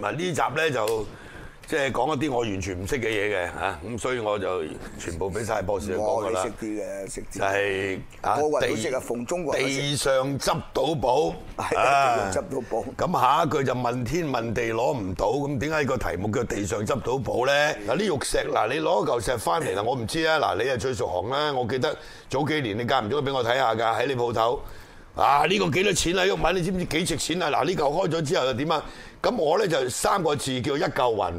嗱呢集咧就即係講一啲我完全唔識嘅嘢嘅嚇，咁所以我就全部俾晒博士去講噶啦。我識啲嘅，識啲。就係啊地地上執到寶，啊地上執到寶。咁下一句就問天問地攞唔到，咁點解個題目叫地上執到寶咧？嗱呢對 玉石嗱，你攞嚿石翻嚟啦，我唔知啊。嗱你係最熟行啦，我記得早幾年你間唔中俾我睇下㗎，喺你鋪頭。啊！呢個幾多錢啊？玉米你知唔知幾值錢啊？嗱，呢嚿開咗之後又點啊？咁我咧就三個字叫一嚿雲，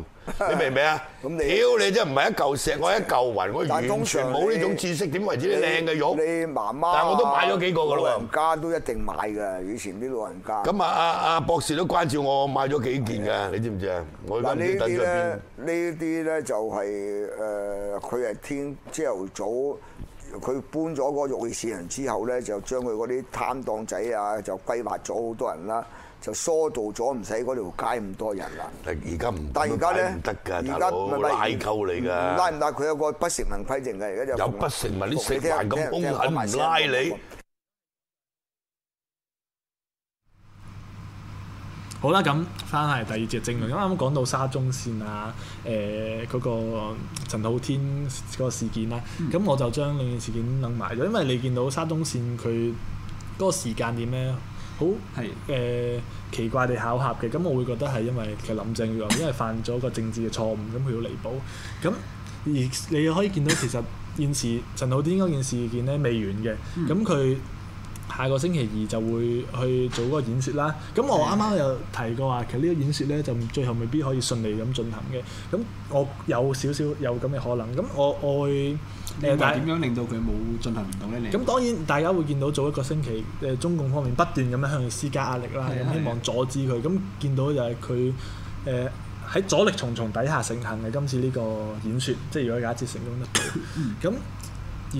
你明唔明啊？屌 你真係唔係一嚿石，我係一嚿雲，但 我完全冇呢種知識，點你為之靚嘅玉你？你媽媽，但係我都買咗幾個㗎啦。老人家都一定買㗎，以前啲老人家。咁啊啊啊博士都關照我買咗幾件㗎，你知唔是的 知啊？我而家都等邊？呢啲呢啲咧就係誒，佢係天朝早。佢搬咗個玉器市場之後咧，就將佢嗰啲攤檔仔啊，就規劃咗好多人啦，就疏導咗唔使嗰條街咁多人啦。但係而家唔，但係而家咧，唔得㗎，大佬，代購嚟㗎。唔拉唔拉，佢有個不成文規定㗎，而家就有不成文啲四萬咁兇狠唔拉你。好啦，咁翻係第二節嘅政論。啱啱講到沙中線啊，誒、呃、嗰、那個陳浩天嗰個事件啦，咁、嗯、我就將兩件事件諗埋咗，因為你見到沙中線佢嗰個時間點咧，好誒是、呃、奇怪地巧合嘅。咁我會覺得係因為其實林鄭月娥因為犯咗個政治嘅錯誤，咁佢要彌補。咁而你又可以見到，其實現時陳浩天嗰件事件咧未完嘅，咁佢、嗯。下個星期二就會去做嗰個演說啦。咁我啱啱又提過話，其實呢個演說呢，就最後未必可以順利咁進行嘅。咁我有少少有咁嘅可能。咁我我會點解、呃、什但樣令到佢冇進行唔到呢？咁當然大家會見到早一個星期，誒、呃、中共方面不斷咁樣向佢施加壓力啦，咁希望阻止佢。咁見到就係佢誒喺阻力重重底下進行嘅今次呢個演說，即係如果假設成功啦。咁、 嗯、而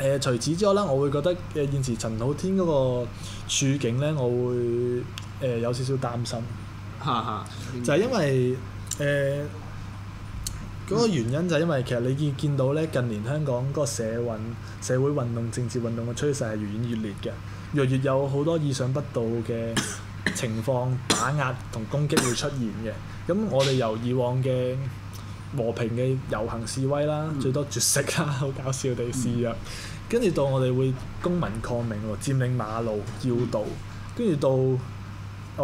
誒、呃、除此之外啦，我會覺得誒現時陳浩天嗰個處境咧，我會誒、呃、有少少擔心。嚇嚇，就係因為誒嗰、呃那個原因就係因為其實你見見到咧近年香港嗰個社運、社會運動、政治運動嘅趨勢係越演越烈嘅，若然有好多意想不到嘅情況 打壓同攻擊會出現嘅，咁我哋由以往嘅和平嘅遊行示威啦，嗯、最多絕食啦，好 搞笑地示弱，跟住、嗯、到我哋會公民抗命喎，佔領馬路、要道，跟住到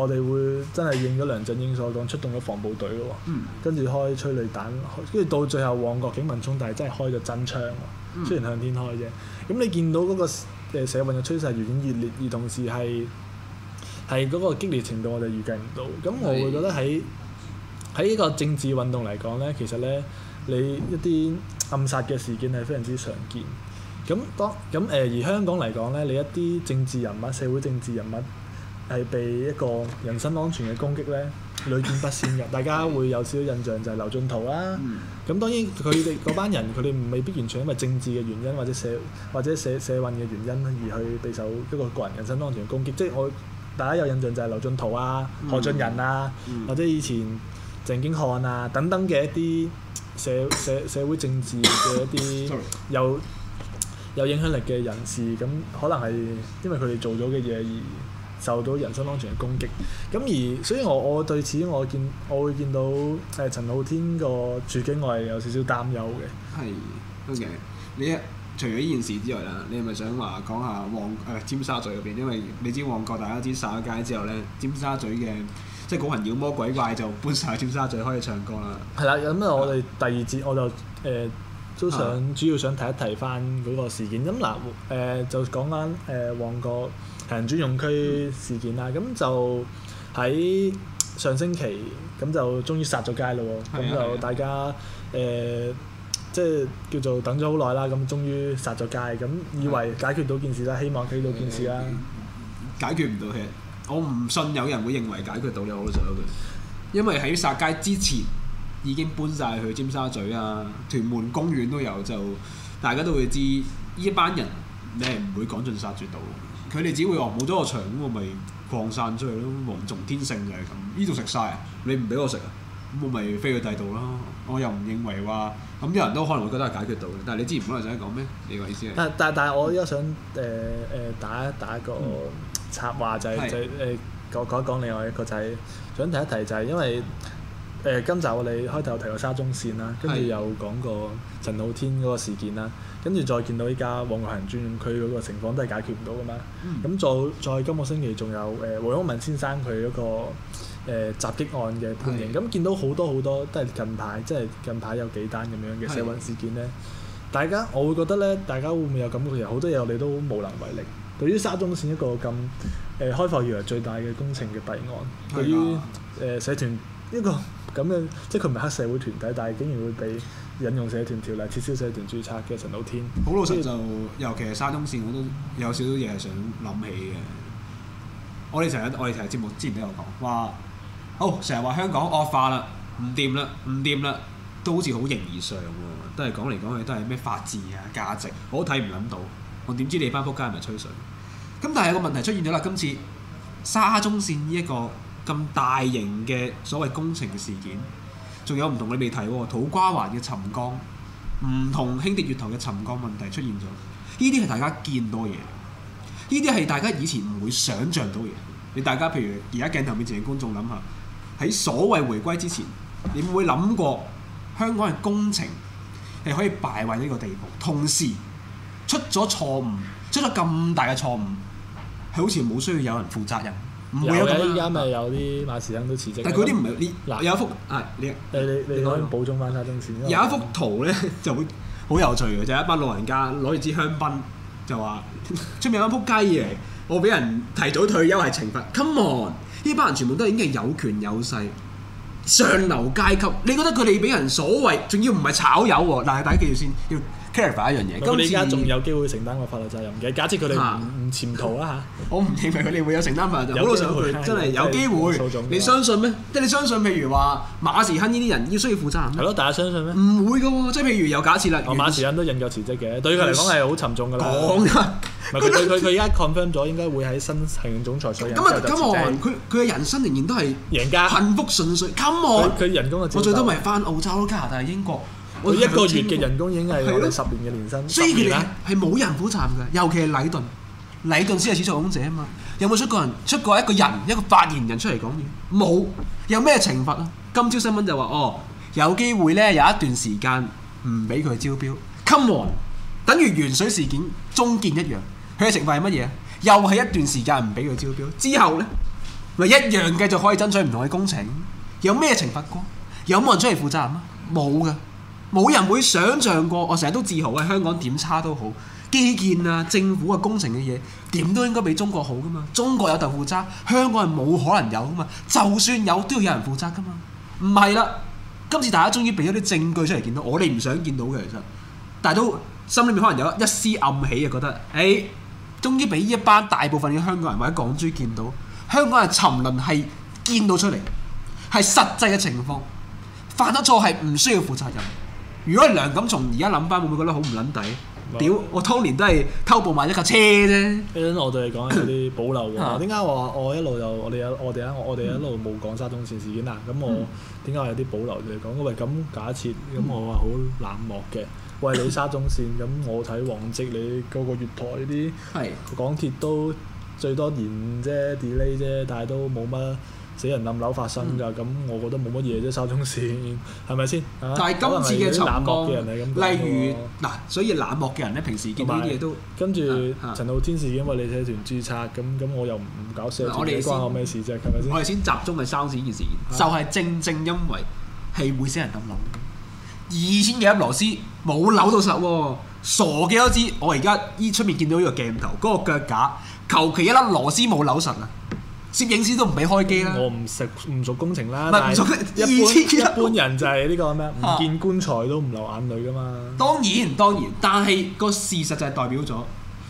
我哋會真係應咗梁振英所講，出動咗防暴隊咯，跟住開催淚彈，跟住到最後旺角警民衝突，真係開咗真槍，雖然向天開啫。咁你見到嗰個社運嘅趨勢越嚟越烈，而同時係係嗰個激烈程度我，我就預計唔到。咁我會覺得喺喺呢個政治運動嚟講咧，其實咧你一啲暗殺嘅事件係非常之常見。咁當咁誒，而香港嚟講咧，你一啲政治人物、社會政治人物係被一個人身安全嘅攻擊咧，屢見不鮮嘅。大家會有少少印象就係劉進圖啊，咁當然佢哋嗰班人佢哋未必完全因為政治嘅原因或者社或者社社運嘅原因而去備受一個個人人身安全嘅攻擊。即係我大家有印象就係劉進圖啊、何俊仁啊，或者以前。正經漢啊，等等嘅一啲社社社會政治嘅一啲有 Sorry. 有，有影響力嘅人士，咁可能係因為佢哋做咗嘅嘢而受到人身安全嘅攻擊。咁而所以我，我我對此我見，我會見到誒陳浩天個處境，我係有少少擔憂嘅。係，OK 你。你一除咗呢件事之外啦，你係咪想話講下旺誒尖沙咀嗰邊？因為你知旺角大家知殺咗街之後咧，尖沙咀嘅。即係嗰羣妖魔鬼怪就搬晒尖沙咀開始唱歌啦。係啦，咁我哋第二節我就誒、呃、都想主要想提一提翻嗰個事件。咁嗱誒就講返誒旺角行人專用區事件啦。咁、嗯、就喺上星期咁就終於殺咗街嘞喎。咁、嗯、就大家誒即係叫做等咗好耐啦。咁終於殺咗街，咁、嗯、以為解決到件事啦，希望解決到件事啦、嗯。解決唔到嘅。我唔信有人會認為解決到咧，我都想佢，因為喺殺街之前已經搬晒去尖沙咀啊、屯門公園都有，就大家都會知呢班人，你係唔會趕盡殺絕到。佢哋只會話冇咗個場，咁我咪擴散出去咯。蝗蟲天性就係咁，呢度食曬，你唔俾我食，啊，咁我咪飛去第二度啦。我又唔認為話咁啲人都可能會覺得解決到嘅。但係你之前唔係想講咩？你個意思係？但係但係我而家想誒誒、呃呃、打一打個。嗯插話，就係就係誒，講講另外一個，就係想提一提，就係因為誒是、呃、今集我哋開頭提過沙中線啦，跟住又講過陳浩天嗰個事件啦，跟住再見到依家旺角行人專用區嗰個情況都係解決唔到嘅嘛。咁、嗯、再再今個星期仲有誒黃毓民先生佢嗰、嗰個誒、呃、襲擊案嘅判刑，咁是見到好多好多都係近排，即、就、係、是、近排有幾單咁樣嘅社運事件咧。是大家我會覺得咧，大家會唔會有感覺？其實好多嘢我哋都無能為力。對於沙中線一個咁誒、呃、開埠以來最大嘅工程嘅弊案，對於誒社團一個咁嘅，即係佢唔係黑社會團體，但係竟然會畀引用社團條例撤銷社團註冊嘅陳浩天，好老實就以尤其係沙中線，我都有少少嘢係想諗起嘅。我哋成日，我哋成日節目之前都有講話，好成日話香港惡化啦，唔掂啦，唔掂啦，都好似好形而上喎，都係講嚟講去都係咩法治啊、價值，我都睇唔諗到。我點知你翻屋家係咪吹水？咁但係有個問題出現咗啦，今次沙中線呢一個咁大型嘅所謂工程事件，仲有唔同你未提土瓜灣嘅沉降，唔同輕鐵月頭嘅沉降問題出現咗。呢啲係大家見到嘢，呢啲係大家以前唔會想像到嘢。你大家譬如而家鏡頭面前嘅觀眾諗下，喺所謂回歸之前，你會諗過香港嘅工程係可以敗壞呢個地步，同時？出咗錯誤，出咗咁大嘅錯誤，係好似冇需要有人負責任，唔有會有咁多。依家咪有啲馬時亨都辭職。但係啲唔係，嗱，有一幅係、啊、你，你，你，你你可以補充翻下中治。有一幅圖咧， 就好好有趣嘅，就係一班老人家攞住支香檳，就話出 面有班仆街嘢，我俾人提早退休係懲罰。Come on，呢班人全部都已經係有權有勢上流階級，你覺得佢哋俾人所謂，仲要唔係炒魷？但係大家記住先。要一樣嘢，咁你而家仲有機會承擔個法律責任嘅？假設佢哋唔唔潛逃啦，嚇，我唔認為佢哋會有承擔法律責任。好老實講，真係有機會，你相信咩？即係你相信譬如話馬時亨呢啲人要需要負責係咪？係咯，大家相信咩？唔會噶喎，即係譬如有假設啦。我馬時亨都引咎辭職嘅，對於佢嚟講係好沉重噶啦。講佢佢佢而家 confirm 咗應該會喺新行政總裁所引咎辭職咁啊！咁佢佢嘅人生仍然都係贏家，幸福順遂。咁我！佢人工我最多咪翻澳洲咯，加拿大、英國。我哋一個月嘅人工已經係佢十年嘅年薪。所以佢哋係冇人負責嘅，尤其係禮頓，禮頓先係始作俑者啊嘛。有冇出過人？出過一個人一個發言人出嚟講嘢？冇。有咩懲罰啊？今朝新聞就話哦，有機會咧，有一段時間唔俾佢招標，come on，等如鉛水事件中建一樣。佢嘅懲罰係乜嘢？又係一段時間唔俾佢招標之後咧，咪一樣繼續可以爭取唔同嘅工程。有咩懲罰過？有冇人出嚟負責啊？冇嘅。冇人會想像過，我成日都自豪，喺香港點差都好，基建啊、政府啊、工程嘅嘢點都應該比中國好噶嘛。中國有豆腐渣，香港係冇可能有噶嘛。就算有都要有人負責噶嘛。唔係啦，今次大家終於俾咗啲證據出嚟，見到我哋唔想見到嘅其實，但係都心裏面可能有一絲暗喜，就覺得誒、欸，終於俾呢一班大部分嘅香港人或者港豬見到香港係沉淪，係見到出嚟係實際嘅情況，犯咗錯係唔需要負責任。如果梁錦松而家諗翻，會唔會覺得好唔撚抵？ 屌，我當年都係偷步買一架車啫。我對你講有啲保留喎。點解、 啊、我我一路就我哋有我哋啊，我哋一路冇講沙中線事件啊？咁我點解我有啲保留就講？因為咁假設咁，嗯、 我係好冷漠嘅。喂，你沙中線咁，我睇黃績你嗰個月台呢啲的港鐵都最多年延啫 delay 啫，但係都冇乜。死人冧樓發生㗎，咁、嗯、我覺得冇乜嘢啫，沙中線事係咪先？是是但係今次嘅情況，例如嗱我，所以冷漠嘅人咧，平時見到啲嘢都不跟住陳浩天事，因為你社團註冊，咁咁我又唔唔搞衰，唔、啊、關我咩事啫，係咪先？是是我哋先集中去沙中線件事，啊、就係正正因為係會死人冧樓，二千幾粒螺絲冇扭到實喎，傻嘅都知。我而家依出面見到呢個鏡頭，嗰、那個腳架求其一粒螺絲冇扭實啊！攝影師都唔俾開機啦！我唔食唔熟工程啦。唔熟是，二千一般二千幾一。21 00 一般人就係呢、這個咩？唔、啊、見棺材都唔流眼淚噶嘛。當然當然，但係個事實就係代表咗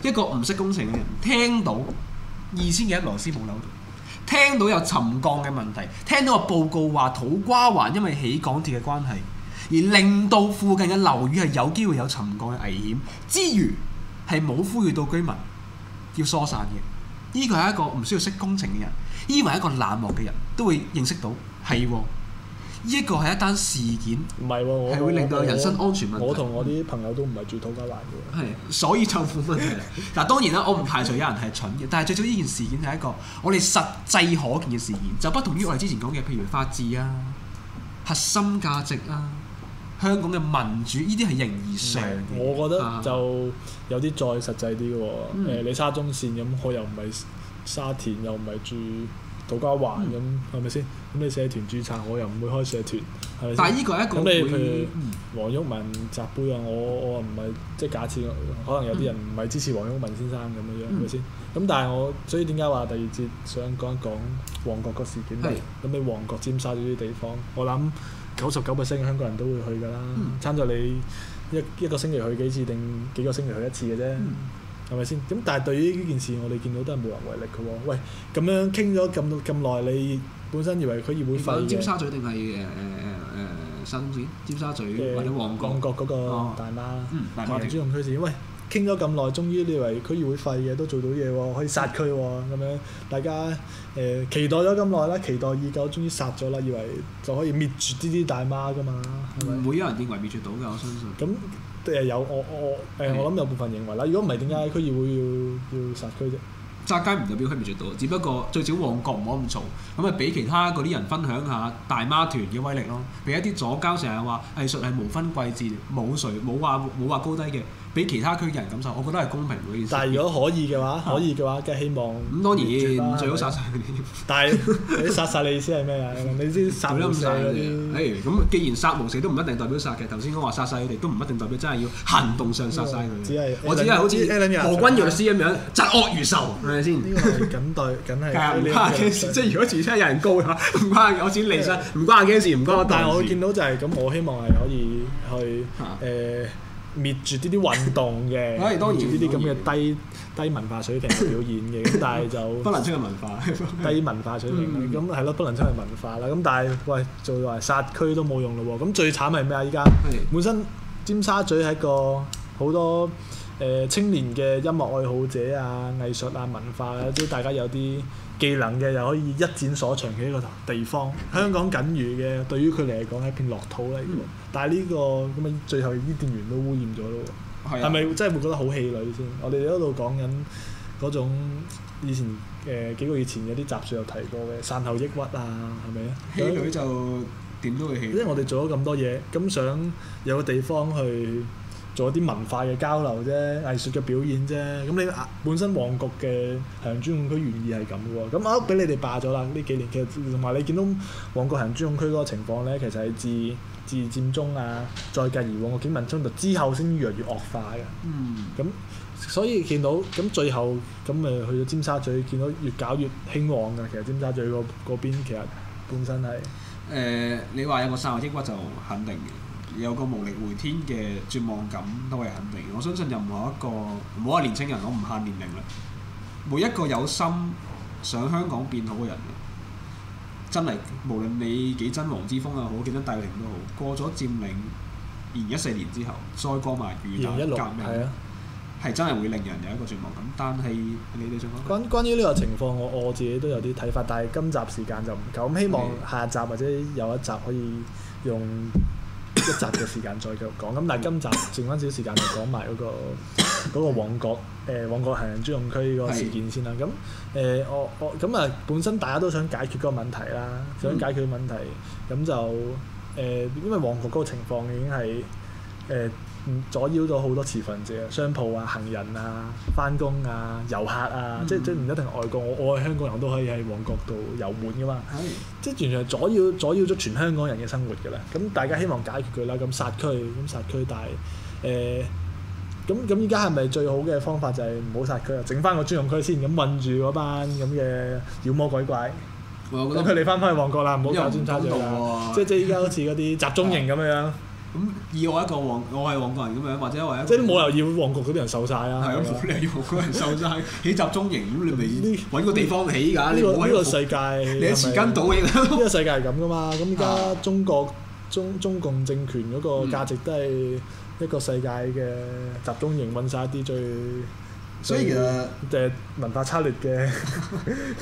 一個唔識工程嘅人，聽到二千幾一螺絲冇扭到，聽到有沉降嘅問題，聽到個報告話土瓜灣因為起港鐵嘅關係，而令到附近嘅樓宇係有機會有沉降嘅危險，之餘係冇呼籲到居民要疏散嘅。呢個係一個唔需要識工程嘅人，呢個係一個冷漠嘅人都會認識到，係呢一個係一單事件，唔係喎，係會令到人身安全問題。啊、我同我啲朋友都唔係住土瓜灣嘅，係所以就苦問嗱， 當然啦，我唔排除有人係蠢嘅，但係最終呢件事件係一個我哋實際可見嘅事件，就不同於我哋之前講嘅，譬如法治啊、核心價值啊。香港嘅民主，呢啲係形而上、嗯。我覺得就有啲再實際啲嘅喎。你沙中線咁，我又唔係沙田，又唔係住土瓜灣咁，係咪先？咁你社團註冊，我又唔會開社團，係咪先？但係呢個係一個會。咁你譬如黃、嗯、毓民集會啊，我我唔係即係假設，可能有啲人唔係支持黃毓民先生咁樣，係咪先？咁但係我所以點解話第二節想講一講旺角個事件咧？咁你旺角、尖沙咀啲地方，我諗。嗯九十九 p 星香港人都會去㗎啦，參咗、嗯、你一一個星期去幾次定幾個星期去一次嘅啫？係咪先？咁但係對於呢件事我哋見到都係無能為力嘅喎、哦。喂，咁樣傾咗咁咁耐，你本身以為佢會快嘅？唔尖沙咀定係誒誒誒誒新店？尖沙咀或者旺角？旺角嗰個大媽，華人、哦嗯、主流推市。喂。傾咗咁耐，終於你以為區議會廢嘢都做到嘢喎，可以殺區喎，咁樣大家誒期待咗咁耐啦，期待已久，終於殺咗啦，以為就可以滅絕啲啲大媽噶嘛，係咪？唔會有人認為滅絕到㗎，我相信。咁誒有我我誒我諗有部分認為啦，如果唔係點解區議會要要殺區啫？扎街唔代表佢唔絕到，只不過最少旺角唔好咁嘈，咁啊俾其他嗰啲人分享下大媽團嘅威力咯，俾一啲左膠成日話藝術係無分貴賤、冇誰、冇話冇話高低嘅，俾其他區嘅人感受，我覺得係公平嘅件事。但係如果可以嘅話，可以嘅話嘅希望。咁當然最好殺晒佢哋。 但係你殺晒你意思係咩啊？ 你先殺唔殺佢哋？咁、哎、既然殺無死都唔一定代表殺嘅，頭先講話殺晒佢哋都唔一定代表真係要行動上殺晒佢。嗯、只係 Allen, 我只係好似何君堯律師咁樣，嫉 惡如仇。 係先？呢個緊對緊係唔關我嘅事。即係如果遲出有人告嘅話，唔關我有錢離身，唔關阿嘅事，唔關。但係我見到就係咁，我希望係可以去誒滅絕呢啲運動嘅。係當然，呢啲咁嘅低低文化水平嘅表演嘅，咁但係就不能稱為文化，低文化水平。咁係咯，不能稱為文化啦。咁但係喂，做埋殺區都冇用咯喎。咁最慘係咩啊？依家本身尖沙咀係一個好多。呃、青年嘅音樂愛好者啊、藝術啊、文化啊，即大家有啲技能嘅，又可以一展所長嘅一個地方。香港僅餘嘅，對於佢嚟講係一片樂土嚟，但係呢個咁啊，嗯這個、最後啲伊甸園都污染咗咯。係咪、啊、真係會覺得好氣餒先？我哋一度講緊嗰種以前誒、呃、幾個月前有啲雜誌有提過嘅散後抑鬱啊，係咪啊？氣餒就點都會氣。因為我哋做咗咁多嘢，咁想有個地方去，做一啲文化嘅交流啫，藝術嘅表演啫。咁你本身旺角嘅行人專用區原意係咁嘅喎。咁我俾你哋霸咗啦。呢幾年其實同埋你見到旺角行人專用區嗰個情況咧，其實係自自佔中啊，再繼而旺角警民衝突之後愈愈愈，先越嚟越惡化嘅。嗯。咁所以見到咁最後咁咪去到尖沙咀，見到越搞越興旺嘅。其實尖沙咀個嗰邊其實本身係誒、呃，你話有個三合之骨就肯定嘅。有個無力回天嘅絕望感都係肯定。我相信任何一個唔好話年青人，我唔限年齡啦。每一個有心想香港變好嘅人，真係無論你幾真黃之鋒又好幾多戴耀廷都好。過咗佔領二零一四年之後，再過埋二零一六，係、啊、真係會令人有一個絕望感。但係你哋想講關關於呢個情況，我我自己都有啲睇法，但係今集時間就唔夠咁，希望下集或者有一集可以用。 一集嘅時間再繼續講，咁但係今集剩翻少時間，就講埋嗰、嗰個嗰 個旺角誒、呃、旺角行人專用區個事件先啦。咁誒是、呃、我我咁啊，本身大家都想解決嗰個問題啦，想解決問題，咁 就誒、呃，因為旺角嗰個情況已經係誒。呃阻擾咗好多持份者、商鋪啊、行人啊、翻工啊、遊客啊，嗯、即即唔一定外國，我我香港人都可以喺旺角度遊玩噶嘛，嗯、即完全係阻擾阻擾咗全香港人嘅生活㗎啦。咁大家希望解決佢啦，咁殺區咁殺區，但係誒，咁咁依家係咪最好嘅方法就係唔好殺區，整翻個專用區先，咁困住嗰班咁嘅妖魔鬼怪。等佢哋翻翻去旺角啦，唔好搞專差咗啊！即即依家好似嗰啲集中營咁樣， 樣。咁以我一個旺，我係旺角人咁樣，或者因為即係啲冇留意旺角嗰啲人受晒啦，係啊，冇理由要旺角人受晒。起集中營，咁 你咪揾個地方起㗎？呢、這個呢個世界是是，你一時間倒應呢個世界係咁噶嘛？咁而家中國中中共政權嗰個價值都係一個世界嘅集中營，揾晒、嗯、一啲最。所以其實即係文化差劣嘅，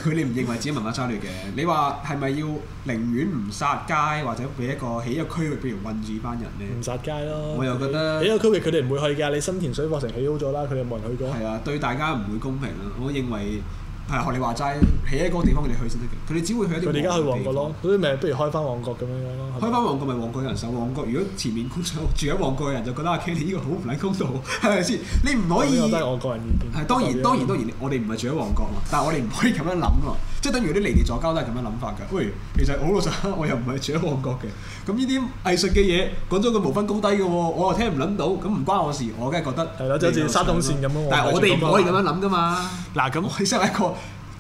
佢哋唔認為自己文化差劣嘅？ 你話係咪要寧願唔殺街，或者俾一個起一個區域，譬如困住班人呢？唔殺街咯。我又覺得，起一個區域佢哋唔會去㗎。你新田水博城起好咗啦，佢又冇人去過。係啊，對大家唔會公平啊！我認為。係學你話齋，喺一個地方佢哋去先得嘅，佢哋只會去一啲。佢而家去旺角咯，嗰啲咪不如開翻旺角咁樣樣咯。開翻旺角咪旺角人手，旺角如果前面住喺旺角嘅人就覺得阿 K 你呢個好唔喺公道，係咪先？ 你唔可以。覺得係我，我個人意見。係當然當然當然，我哋唔係住喺旺角，但係我哋唔可以咁樣諗咯。即係等於啲離地左膠都係咁樣諗法㗎。喂，其實好老實，我又唔係住喺旺角嘅。咁呢啲藝術嘅嘢，講咗佢無分高低嘅喎，我又聽唔撚到，咁唔關我事，我梗係覺得係啦，就好似沙東線咁咯。但係我哋唔可以咁樣諗㗎嘛。嗱，咁你作為一個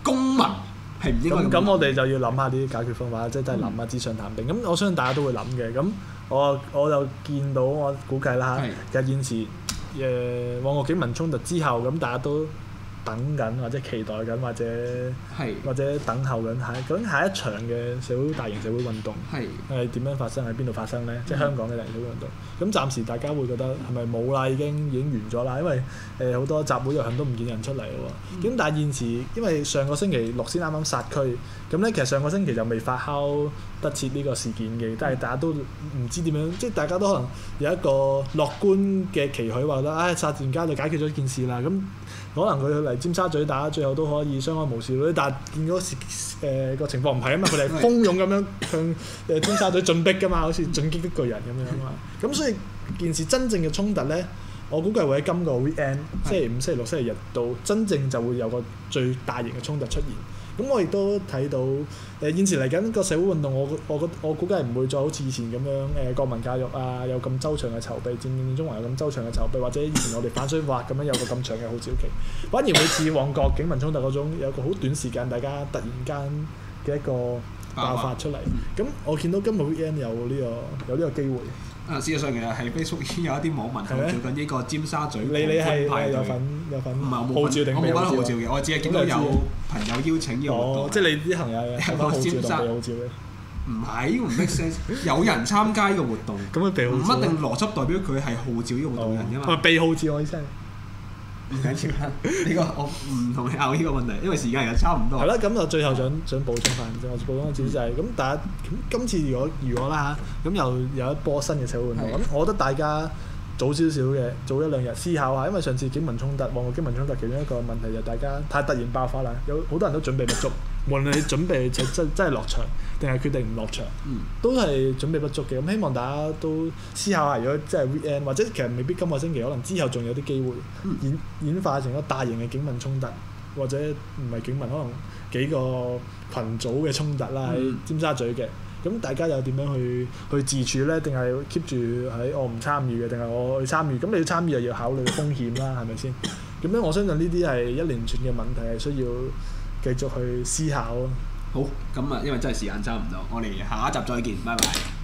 公民係唔應該咁。咁我哋就要諗下啲解決方法，即係都係諗下紙上談兵。咁、嗯、我相信大家都會諗嘅。咁我我就見到我估計啦嚇，其實的現時誒、呃、旺角警民衝突之後，咁大家都。等緊或者期待緊或者或者等候緊下，究竟下一場嘅社會大型社會運動係點樣發生，喺邊度發生呢？嗯、即係香港嘅大型社會運動。咁暫時大家會覺得係咪冇啦？已經已經完咗啦，因為誒好、呃、多集會入面都唔見人出嚟喎。咁、嗯、但係現時因為上個星期六先啱啱殺區，咁咧，其實上個星期就未發酵得切呢個事件嘅，但係大家都唔知點樣，嗯、即係大家都可能有一個樂觀嘅期許，話得唉、哎，殺戰家就解決咗件事啦。咁可能佢嚟尖沙咀打，最後都可以相安無事嗰啲，但係見嗰時誒、呃、情況唔係，啊嘛，佢哋係蜂擁咁樣向誒尖沙咀進逼噶嘛， 好似進擊的巨人咁樣啊嘛，咁 所以件事真正嘅衝突咧。我估計會喺今個 weekend，星期五、星期六、星期日到真正就會有個最大型嘅衝突出現。咁我亦都睇到，誒、呃、現時嚟緊個社會運動，我我我估計唔會再好似以前咁樣，誒、呃、國民教育啊，有咁周長嘅籌備，佔中啊有咁周長嘅籌備，或者以前我哋反水法咁樣有個咁長嘅好兆期，反而每次旺角警民衝突嗰種，有個好短時間大家突然間嘅一個爆發出嚟。咁、嗯、我見到今個 weekend 有呢、這個有呢個機會。啊！事實上其實係 Facebook 已經有一啲網民係做緊呢個尖沙咀你牌有份有份，唔係我冇我冇乜號召嘅，我只係見到有朋友邀請呢個活動、哦，即係你啲朋友有揾尖沙定咩？唔係唔 make sense，有人參加呢個活動，咁佢唔一定邏輯代表佢係號召呢個活動人㗎嘛，哦、是是被號召我聲。唔 緊要啦，呢、這個我唔同你拗呢個問題，因為時間又差唔多。 係啦，咁我最後想想補充翻，我、就是、補充個節制。咁但係今次如果如果啦嚇，咁又，又有一波新嘅社會運動，咁 我覺得大家早少少嘅，早一兩日思考下，因為上次警民衝突、旺角警民衝突其中一個問題就大家太突然爆發啦，有好多人都準備不足。 無論你準備就真真係落場，定係決定唔落場，都係準備不足嘅。咁希望大家都思考下，如果真係 V N，或者其實未必今個星期，可能之後仲有啲機會演演化成一個大型嘅警民衝突，或者唔係警民，可能幾個羣組嘅衝突啦，喺尖沙咀嘅。咁大家又點樣去去自處呢？定係 keep 住喺我唔參與嘅，定係我去參與？咁你要參與又要考慮風險啦，係咪先？咁樣，我相信呢啲係一連串嘅問題係需要。繼續去思考咯。好，咁啊，因為真係時間差唔多，我哋下一集再見，拜拜。